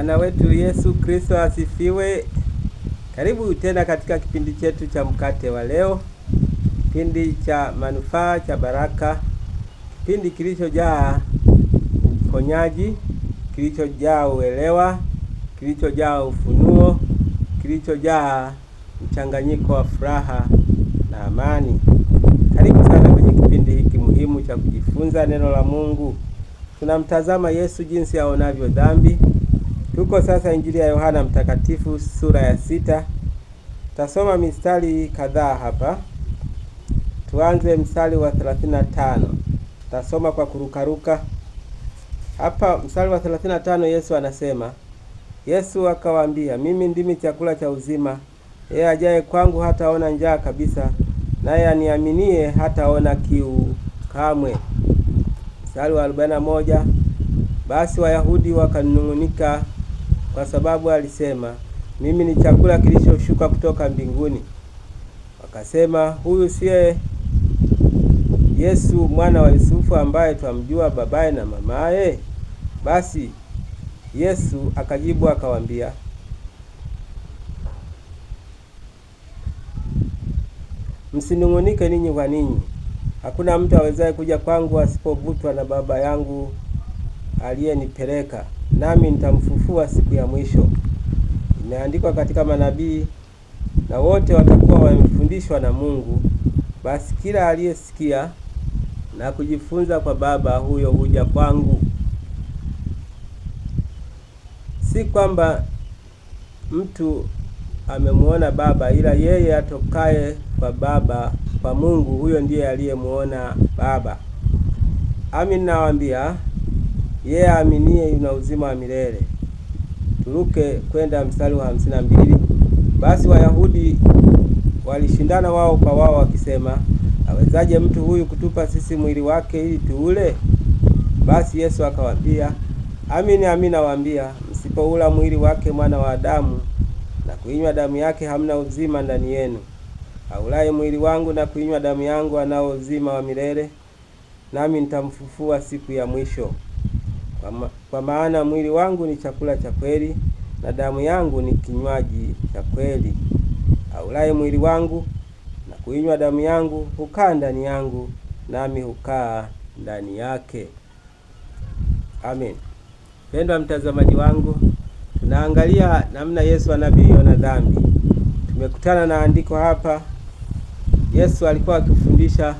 Bwana wetu Yesu Kristo asifiwe. Karibu tena katika kipindi chetu cha mkate wa leo, kipindi cha manufaa cha baraka, kipindi kilichojaa uponyaji, kilichojaa uelewa, kilichojaa ufunuo, kilichojaa mchanganyiko wa furaha na amani. Karibu sana kwenye kipindi hiki muhimu cha kujifunza neno la Mungu. Tunamtazama Yesu jinsi aonavyo dhambi Tuko sasa Injili ya Yohana Mtakatifu sura ya sita. Tasoma mistari kadhaa hapa. Tuanze mstari wa 35. Tasoma kwa kurukaruka. Hapa mstari wa 35 Yesu anasema, Yesu akawaambia, mimi ndimi chakula cha uzima. Yeye ajaye kwangu hataona njaa kabisa, naye aniaminie hataona kiu kamwe. Mstari wa 41, basi Wayahudi wakanung'unika kwa sababu alisema, mimi ni chakula kilichoshuka kutoka mbinguni. Wakasema, huyu siye Yesu mwana wa Yusufu ambaye twamjua babaye na mamaye? Basi Yesu akajibu akawambia, msinung'unike ninyi kwa ninyi. Hakuna mtu awezaye kuja kwangu asipovutwa na Baba yangu aliyenipeleka nami nitamfufua siku ya mwisho. Imeandikwa katika manabii, na wote watakuwa wamefundishwa na Mungu. Basi kila aliyesikia na kujifunza kwa Baba huyo huja kwangu. Si kwamba mtu amemuona Baba, ila yeye atokaye kwa Baba, kwa Mungu, huyo ndiye aliyemuona Baba. Amin, nawaambia yeye yeah, aaminie yuna uzima wa milele. Turuke kwenda mstari wa hamsini na mbili. Basi Wayahudi walishindana wao kwa wao wakisema, awezaje mtu huyu kutupa sisi mwili wake ili tuule? Basi Yesu akawaambia, amini amini nawaambia, msipoula mwili wake mwana wa Adamu na kuinywa damu yake, hamna uzima ndani yenu. Aulaye mwili wangu na kuinywa damu yangu anao uzima wa milele, nami nitamfufua siku ya mwisho kwa, ma, kwa maana mwili wangu ni chakula cha kweli na damu yangu ni kinywaji cha kweli. Aulaye mwili wangu na kuinywa damu yangu hukaa ndani yangu, nami hukaa ndani yake. Amen. Pendwa mtazamaji wangu, tunaangalia namna Yesu anavyoiona dhambi. Tumekutana na andiko hapa. Yesu alikuwa akifundisha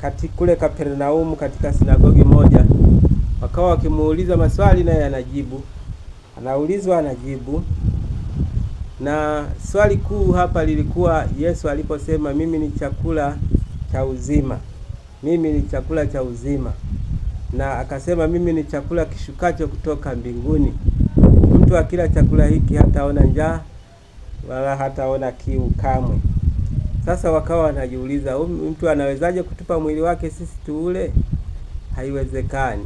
kati kule Kapernaumu katika sinagogi moja wakawa wakimuuliza maswali naye anajibu, anaulizwa anajibu. Na swali kuu hapa lilikuwa Yesu aliposema mimi ni chakula cha uzima, mimi ni chakula cha uzima, na akasema mimi ni chakula kishukacho kutoka mbinguni, mtu akila chakula hiki hataona njaa wala hataona kiu kamwe. Sasa wakawa wanajiuliza, um, mtu anawezaje kutupa mwili wake sisi tuule? Haiwezekani.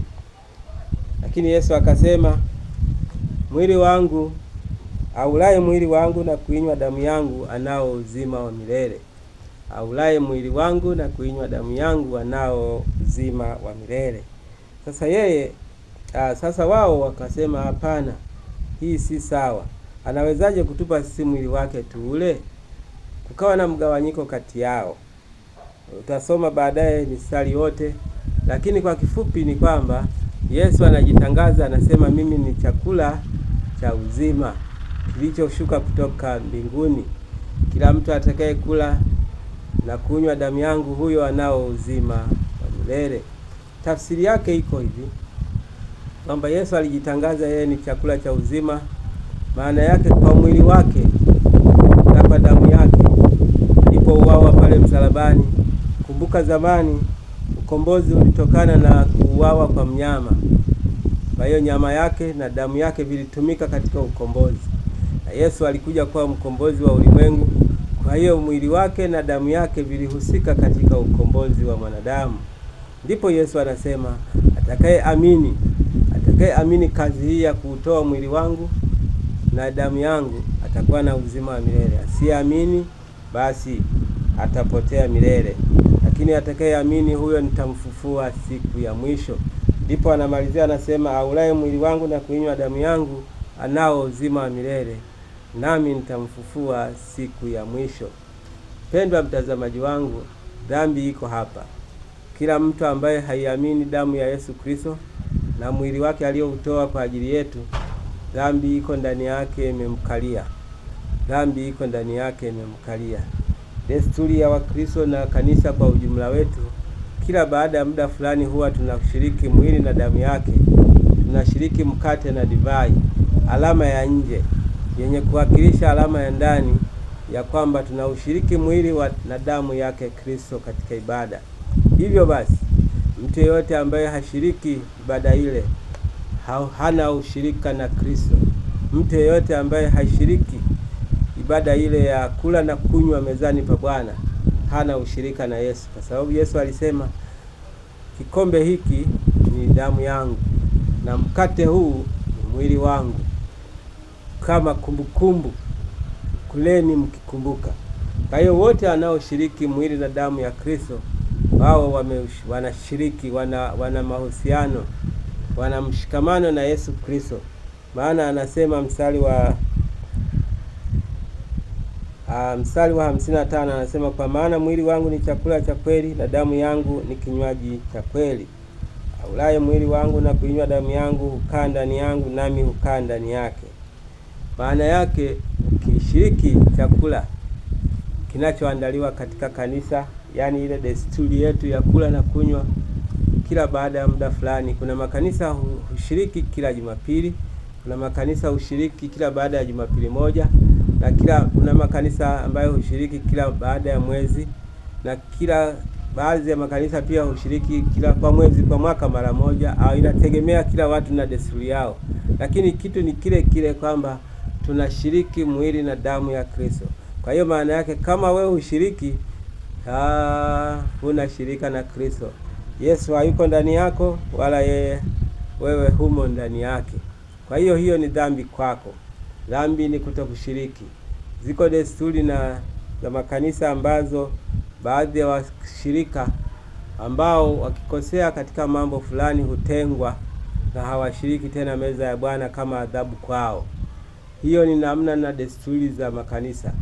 Lakini Yesu akasema, mwili wangu aulaye mwili wangu na kuinywa damu yangu anao uzima wa milele aulaye mwili wangu na kuinywa damu yangu anao uzima wa milele. Sasa yeye a, ah, sasa wao wakasema, hapana, hii si sawa. Anawezaje kutupa sisi mwili wake tuule? Kukawa na mgawanyiko kati yao. Utasoma baadaye mistari yote, lakini kwa kifupi ni kwamba Yesu anajitangaza, anasema mimi ni chakula cha uzima kilichoshuka kutoka mbinguni. Kila mtu atakaye kula na kunywa damu yangu, huyo anao uzima wa milele. Tafsiri yake iko hivi kwamba Yesu alijitangaza yeye ni chakula cha uzima. Maana yake kwa mwili wake na kwa damu yake alipouawa pale msalabani. Kumbuka zamani ukombozi ulitokana na kuuawa kwa mnyama. Kwa hiyo nyama yake na damu yake vilitumika katika ukombozi, na Yesu alikuja kuwa mkombozi wa ulimwengu. Kwa hiyo mwili wake na damu yake vilihusika katika ukombozi wa mwanadamu. Ndipo Yesu anasema atakaye amini, atakaye amini kazi hii ya kuutoa mwili wangu na damu yangu atakuwa na uzima wa milele, asiyeamini basi atapotea milele, lakini atakayeamini huyo nitamfufua siku ya mwisho. Ndipo anamalizia anasema, aulaye mwili wangu na kuinywa damu yangu anao uzima wa milele, nami nitamfufua siku ya mwisho. Pendwa mtazamaji wangu, dhambi iko hapa. Kila mtu ambaye haiamini damu ya Yesu Kristo na mwili wake aliyoutoa kwa ajili yetu, dhambi iko ndani yake imemkalia, dhambi iko ndani yake imemkalia desturi ya Wakristo na kanisa kwa ujumla wetu, kila baada ya muda fulani huwa tunashiriki mwili na damu yake, tunashiriki mkate na divai, alama ya nje yenye kuwakilisha alama ya ndani ya kwamba tunaushiriki mwili wa na damu yake Kristo katika ibada. Hivyo basi, mtu yeyote ambaye hashiriki ibada ile hana ushirika na Kristo. Mtu yeyote ambaye hashiriki ibada ile ya kula na kunywa mezani pa Bwana hana ushirika na Yesu, kwa sababu Yesu alisema kikombe hiki ni damu yangu na mkate huu ni mwili wangu kama kumbukumbu kumbu, kuleni mkikumbuka. Kwa hiyo wote wanaoshiriki mwili na damu ya Kristo wao wame, wanashiriki wana, wana mahusiano wana mshikamano na Yesu Kristo, maana anasema mstari wa Uh, mstari wa 55 anasema kwa maana mwili wangu ni chakula cha kweli na damu yangu ni kinywaji cha kweli. Aulaye mwili wangu na kuinywa damu yangu hukaa ndani yangu, nami hukaa ndani yake. Maana yake ukishiriki chakula kinachoandaliwa katika kanisa, yani ile desturi yetu ya kula na kunywa kila baada ya muda fulani. Kuna makanisa hushiriki kila Jumapili, kuna makanisa hushiriki kila baada ya Jumapili moja na kila kuna makanisa ambayo hushiriki kila baada ya mwezi, na kila baadhi ya makanisa pia hushiriki kila kwa mwezi, kwa mwaka mara moja, au inategemea kila watu na desturi yao, lakini kitu ni kile kile kwamba tunashiriki mwili na damu ya Kristo. Kwa hiyo maana yake kama wewe hushiriki, huna shirika na Kristo. Yesu hayuko ndani yako, wala yeye wewe humo ndani yake. Kwa hiyo hiyo ni dhambi kwako. Dhambi ni kuto kushiriki. Ziko desturi na za makanisa ambazo baadhi ya washirika ambao wakikosea katika mambo fulani hutengwa na hawashiriki tena meza ya Bwana kama adhabu kwao. Hiyo ni namna na desturi za makanisa,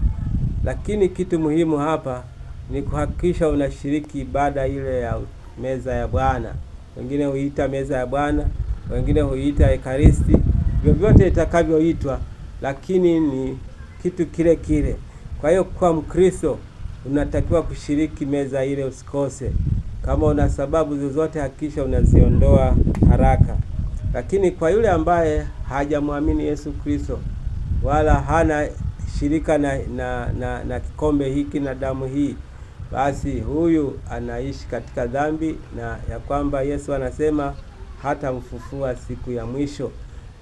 lakini kitu muhimu hapa ni kuhakikisha unashiriki ibada ile ya meza ya Bwana. Wengine huita meza ya Bwana, wengine huita Ekaristi, vyovyote itakavyoitwa lakini ni kitu kile kile. Kwa hiyo kwa Mkristo unatakiwa kushiriki meza ile, usikose. Kama una sababu zozote, hakikisha unaziondoa haraka. Lakini kwa yule ambaye hajamwamini Yesu Kristo wala hana shirika na, na, na, na kikombe hiki na damu hii, basi huyu anaishi katika dhambi, na ya kwamba Yesu anasema hata mfufua siku ya mwisho.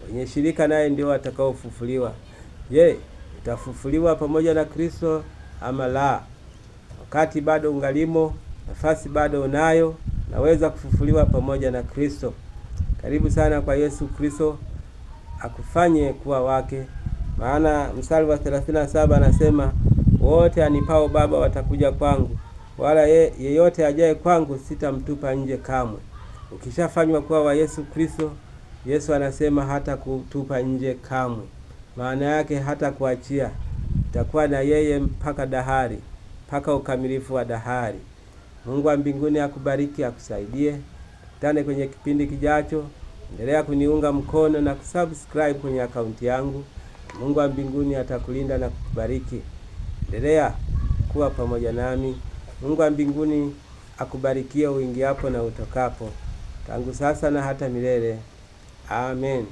Wenye shirika naye ndio watakaofufuliwa. Je, utafufuliwa pamoja na Kristo ama la? Wakati bado ungalimo, nafasi bado unayo, naweza kufufuliwa pamoja na Kristo. Karibu sana kwa Yesu Kristo akufanye kuwa wake, maana mstari wa 37 anasema wote anipao Baba watakuja kwangu, wala ye, yeyote ajaye kwangu sitamtupa nje kamwe. Ukishafanywa kuwa wa Yesu Kristo Yesu anasema hata kutupa nje kamwe, maana yake hata kuachia. itakuwa na yeye mpaka dahari, mpaka ukamilifu wa dahari. Mungu wa mbinguni akubariki, akusaidie. Tukutane kwenye kipindi kijacho. Endelea kuniunga mkono na kusubscribe kwenye akaunti yangu. Mungu wa mbinguni atakulinda na kukubariki. Endelea kuwa pamoja nami. Mungu wa mbinguni akubarikie uingiapo na utokapo, tangu sasa na hata milele. 아멘.